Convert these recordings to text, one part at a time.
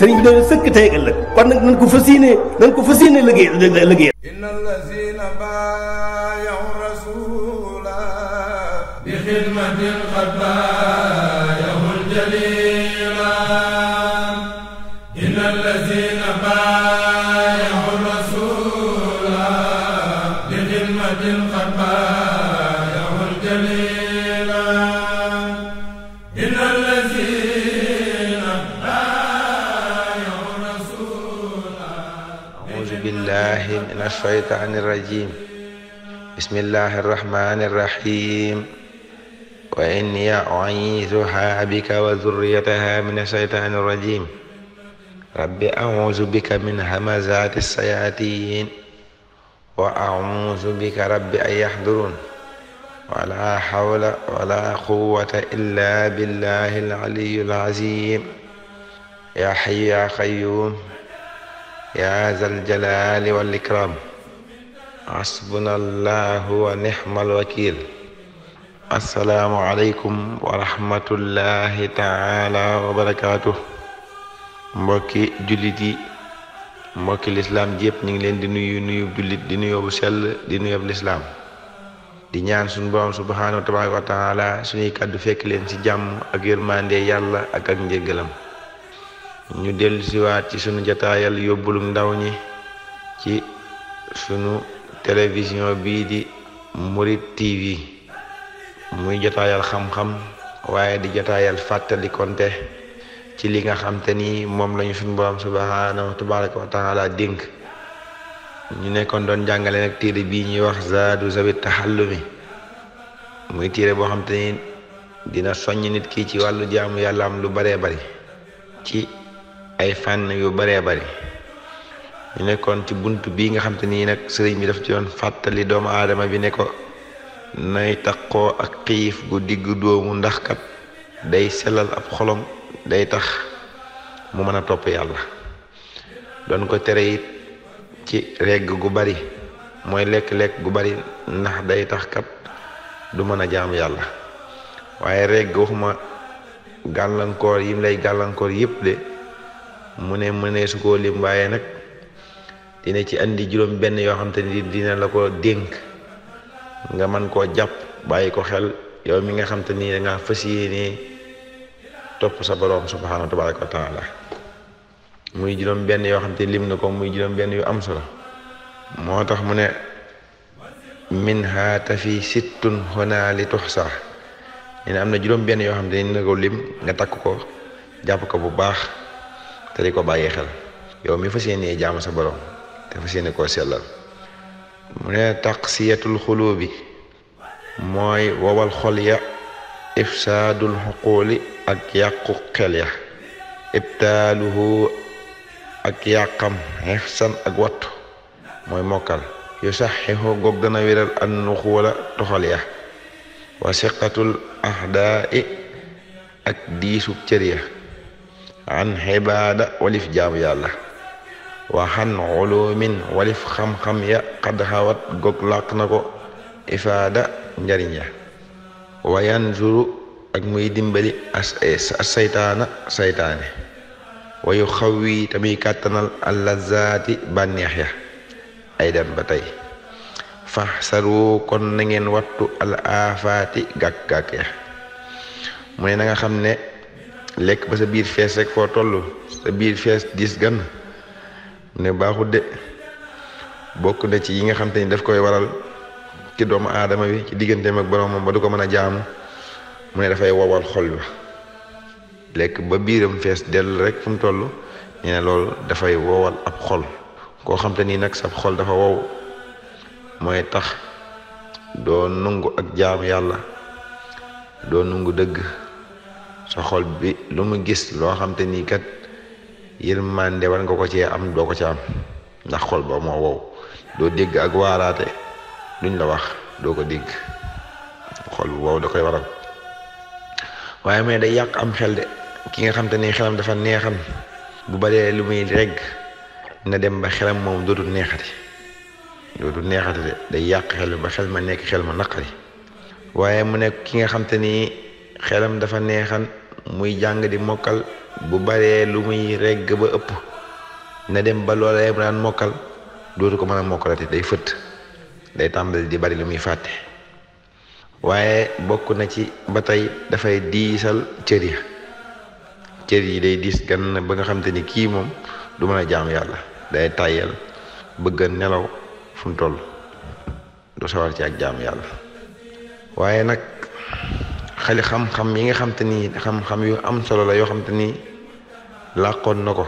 sëriñ bi dañu sëkk tey ëllëg kon nag nañ ko fas yéene nañ ko fas yéene liggéey liggéey inna allazina baayahu rasula bi xidmatin qad baayahu aljalila inna allazina bi xidmatin qad baayahu الشيطان الرجيم بسم الله الرحمن الرحيم وإني أعيذها بك وذريتها من الشيطان الرجيم رب أعوذ بك من همزات الشياطين وأعوذ بك رب أن يحضرون ولا حول ولا قوة إلا بالله العلي العظيم يا حي يا قيوم يا ذا الجلال والإكرام hasbunallahu wa nixmal wakiil assalaamu aleykum wa rahmatullahi taala mbokki jullit yi mbokki lislaam ji yépp ñu ngi leen di nuyu nuyu jullit di nuyoo bu sell di nuyoob lislaam di ñaan suñu borom subhaanahu tabaaraka wa taala suñuy kàddu fekk leen ci jàmm ak yërmande yàlla ak ak njëggalam ñu dellu siwaat ci sunu jataayal yóbbulum ndaw ñi ci sunu télévision bii di Murit TV muy jotaayal xam-xam waaye di jotaayal fàttali konte ci li nga xam te ni moom la ñu suñu borom subhaanahu tabaraka wa taala dénk ñu nekkoon doon jàngale nag téere bii ñuy wax zaadu zawit taxallumi muy téere boo xam te ni dina soññ nit ki ci wàllu jaamu yàlla am lu baree bari ci ay fànn yu baree bari ñu nekkoon ci bunt bii nga xam nii nag sëriñ bi daf ci doon fàttali doomu aadama bi ne ko nay taqoo ak xiif gu digg doomu ndax kat day sellal ab xolom day tax mu mën a topp yàlla doon ko tere it ci regg gu bari mooy lekk-lekk gu bari ndax day tax kat du mën a jaamu yàlla waaye regg waxuma gàllankoor yim lay gàllankoor yépp de mu ne mënee su koo lim waaye nag dina ci indi juróom benn yoo xam te ni dina la ko dénk nga man koo jàpp bàyyi ko xel yow mi nga xam te ni danga fas yéene topp sa boroom subhaanahu tabaaraka wa taala muy juróom yoo xam te lim na ko muy juróom yu am solo moo tax mu ne min ha tafi li tuxsa nee na am na juróom benn yoo xam te ni na ko lim nga takk ko jàpp ko bu baax te di ko bàyyi xel yow mi fas yéene jaamu sa boroom te fas yéene koo sellal mu ne taqsiyatul xulubi mooy wowal xol ya ifsaadul ak yàqu xel ya ibtaaluhu ak yàqam xefsan ak wattu mooy mokal yu saxixu goog dana wéral an nuxuula toxal ya wa ak diisu cër ya an xibaada walif jaamu yàlla waxan ulumin walif xam-xam ya xad xawat gog na ko ifaada njariñ ya wayan zuru ak muy dimbali as saytaana saytaane wayu xawwi tamuy kàttanal allazaati bànneex ya ay dem ba tey faxsaru kon na ngeen wattu al aafaati gàkk-gàkk ya mu ne na nga xam ne lekk ba sa biir fees rek foo toll sa biir fees dis gan mu ne baaxut de bokk na ci yi nga xam te ni daf koy waral ci doomu aadama bi ci digganteem ak boromam ba du ko mën a jaamu mu ne dafay wowal xol ba lekk ba biiram fees dell rek fu mu toll ñu ne loolu dafay wowal ab xol koo xam te ni nag sab xol dafa wow mooy tax doo nungu ak jaamu yàlla doo nungu dëgg sa xol bi lu mu gis loo xam nii kat. yërmande war nga ko cee am doo ko ci am ndax xol ba moo wow doo digg ak waaraate luñ la wax doo ko dégg xol bu wow da koy waral waaye mais day yàq am xel de ki nga xam te ni xelam dafa neexam bu baree lu muy regg na dem ba xelam moom dootul neexati dootul neexati de day yàq xel ba xel ma nekk xel ma naqari waaye mu nekk ki nga xam ni xelam dafa neexan muy jàng di mokkal bu baree lu muy regg ba ëpp na dem ba loole mu daan mokkal dootu ko mën a mokkalati day fëtt day tàmbali di bari lu muy fàtte waaye bokk na ci ba tey dafay diisal cër ya cër yi day diis gan ba nga xam ni kii moom du mën a jaam yàlla day tàyyal bëgg a nelaw fu mu toll du sawar ci ak jaam yàlla waaye nag xali xam-xam yi nga xam te ni xam-xam yu am solo la yoo xam te ni làqoon na ko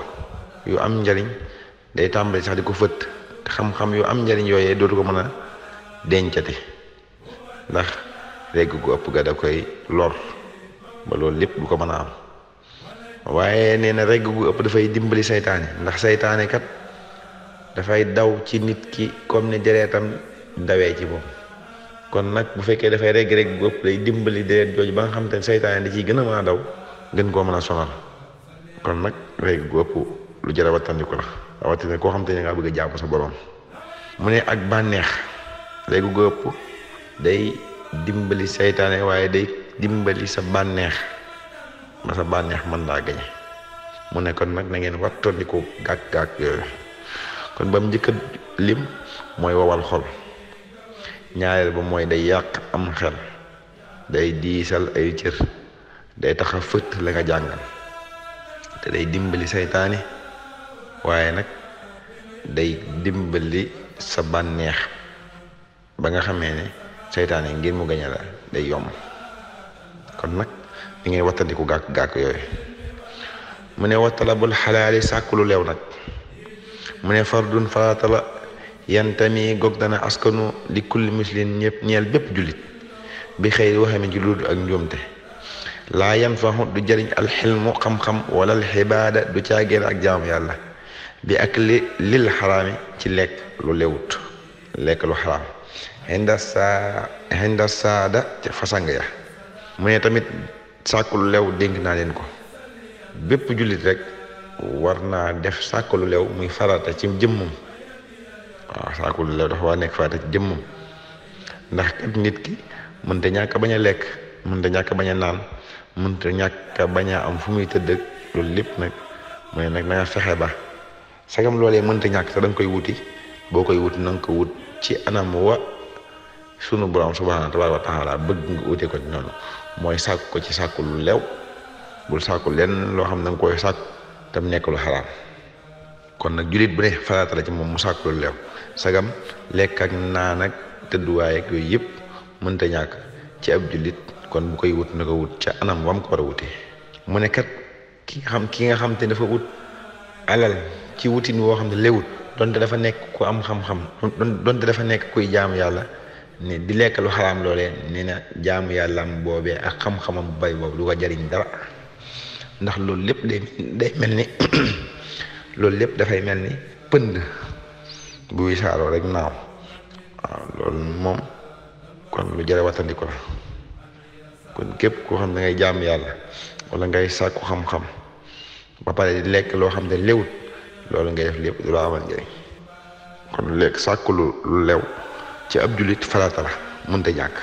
yu am njariñ day tàmbali sax di ko fëtt te xam-xam yu am njariñ yooyee dootu ko mën a dencati ndax régg gu ëpp ga da koy lor ba loolu lépp du ko mën a am waaye nee na régg gu ëpp dafay dimbali saytaane ndax saytaane kat dafay daw ci nit ki comme ni dereetam dawee ci moom kon nag bu fekkee dafay reg reg bu ëpp day dimbali deret jooju ba nga xam te ne seytaane da ciy gën a mën a daw gën koo mën a sonal kon nag reg gu ëpp lu jar wattandiku la rawatina koo xam te ne nga bëgg sa borom ne ak bànneex reg gu ëpp day dimbali seytaane waaye day dimbali sa bànneex ba sa bànneex man laa gañe mu ne kon nag na ngeen wattandiku gàkk gàkk yooyu kon ba mu njëkk a lim mooy wowal xol ñaareel ba mooy day yàq am xel day diisal ay cër day tax a fëtt la nga jàngal te day dimbali saytaane waaye nag day dimbali sa bànneex ba nga xamee ne saytaane ngir mu gañe day yomb kon nag mi ngay wattandiku gàkk-gàkk yooyu mu ne wattalabul xalaali sàkk lu leew nag mu ne fardun faratala yantami goog dana askanu li kulli muslim ñëpp ñeel bépp jullit bi xëy waxami ci luudu ak njuumte laa yan fahu du jëriñ alxilmu xam-xam wala alxibaada du caagéen ak jaamu yàlla bi ak li lil xaraami ci lekk lu lewut lekk lu xaraam xinda saa saada ca fasang ya mu ne tamit sàkk lu lew dénk naa leen ko bépp jullit rek war naa def sàkk lu lew muy farata ci jëmmam waaw saakul la dafa waa nekk faata ci jëmmam ndax kat nit ki mënta ñàkk bañ a lekk mënta ñàkk bañ a naan mënta ñàkk bañ a am fu muy tëdd ak loolu lépp nag mooy nag na nga fexe ba sagam loolee mënta ñàkk te da koy wuti boo koy wuti na ko wut ci anam wa sunu borom subhaana tabaaraka wa taala bëgg nga wute ko ci noonu mooy sàkk ko ci sàkku lu leew bul sàkku lenn loo xam ne da koy sàkk tam nekk lu xaraam kon nag jullit bu ne farata la moom mu sàkk lu leew sagam lekk ak naan ak tëdduwaay ak yooyu yëpp mënta ñàkk ci ab jullit kon bu koy wut na ko wut ca anam wam ko war a wute mu ne ki nga xam ki nga xam te dafa wut alal ci wutin woo xam ne léwut donte dafa nekk ku am xam dafa nekk kuy jaamu yàlla ne di lekk lu xaraam loolee nee na jaamu yàllaam boobee ak xam-xamam bu bay boobu du ko jariñ dara ndax loolu lépp day mel ni loolu lépp dafay mel ni pënd bu wisaaroo rek naaw waaw loolu moom kon lu jar a wattandiku la kon képp koo xam da ngay jaam yàlla wala ngay sàkku xam-xam ba pare lekk loo xam ne lewut loolu ngay def lépp du la amal kon lekk sàkku lu lew ci ab jullit farata la mënta ñàkk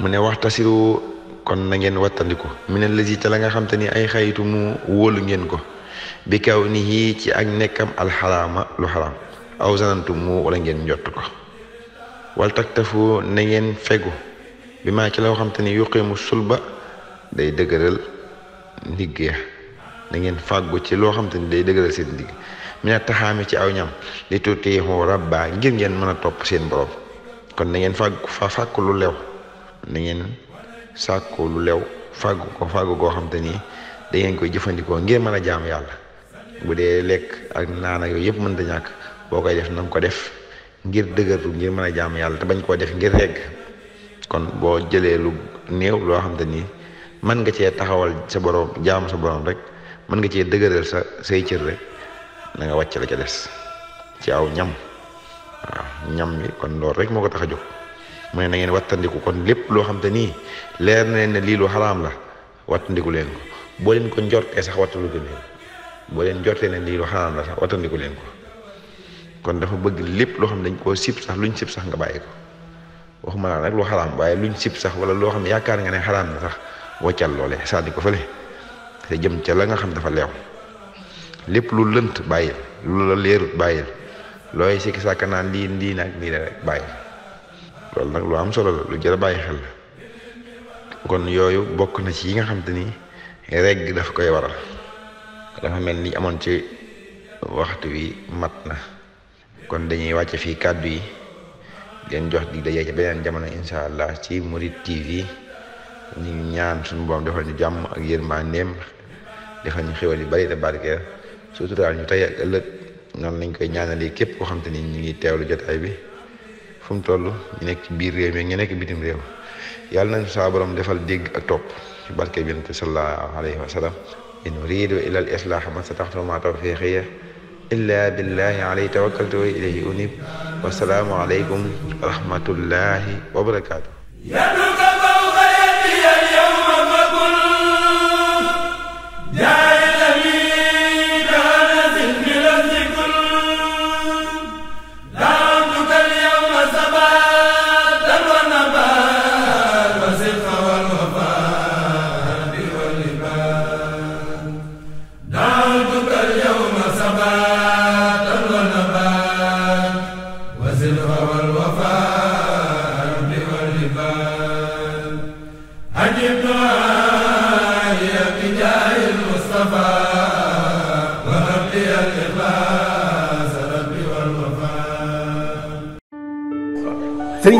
mu ne wax kon na ngeen wattandiku mu ne lësi la nga xam te ni ay xayitu mu wóolu ngeen ko bi kaw ni yii ci ak nekkam alxaraama lu xaraam aw zanantum mu wala ngeen njott ko wal taktafu na ngeen fegu bi maa ci loo xam te ni yuqimu sulba day dëgëral ndigg ya na ngeen fàggu ci loo xam ni day dëgëral seen ndigg mina taxaami ci aw ñam li tuuti rabba ngir ngeen mën a topp seen borom kon na ngeen fàggu fa fàkku lu lew na ngeen sàkku lu lew fàggu ko fàggu koo xam te ni da ngeen koy jëfandikoo ngir mën a jaam yàlla bu dee lekk ak naana ak yooyu yëpp mën da ñàkk boo koy def na nga ko def ngir dëgërlu ngir mën a jaamu yàlla te bañ koo def ngir regg kon boo jëlee lu néew loo xam te nii mën nga cee taxawal sa borom jaamu sa borom rek mën nga cee dëgëral sa say cër rek na nga wàcc la ca des ci aw ñam waaw ñam bi kon loolu rek moo ko tax a jóg mu na ngeen wattandiku kon lépp loo xam te nii leer leen ne lii lu la wattandiku leen ko boo leen ko njortee sax wattandiku leen boo leen njortee ne lii lu xaraam la sax wattandiku leen ko kon dafa bëgg lépp loo xam ne dañ koo sib sax luñ sib sax nga bàyyi ko waxuma laa rek lu xaraam waaye luñ sib sax wala loo xam ne yaakaar nga ne xaraam na sax woccal loole sànni ko fële jëm ca la nga xam dafa leew lépp lu lënt bàyyi lu la leerut bàyyil looy sikki sàkka naan lii lii nag nii rek bàyyil loolu nag lu am solo la lu jëra bàyyi xel la kon yooyu bokk na ci yi nga xam te ni regg daf koy waral dafa mel ni amoon ci waxtu wi mat na kon dañuy wàcce fii kàddu yi leen jox dig daje ci beneen jamono incha allah ci Mouride TV ñu ñaan suñu boom defal ñu jàmm ak yërmandeem defal ñu xéwal yu bari te barkeel surtout daal ñu tey ak ëllëg noonu lañ koy ñaanalee képp koo xam te ni ñu ngi teewlu jotaay bi fu mu toll nekk ci biir réew mi ñu nekk bitim réew yàlla nañ saa borom defal dégg a topp ci barke bi nante sallallahu alayhi wa sallam in uriidu illa al islaaha ma stataxtu ma tawfiiqi illaa billahi alayhi tawakkaltu wa ilayhi unib wasalaamu aleykum wa rahmatullahi wa barakaatu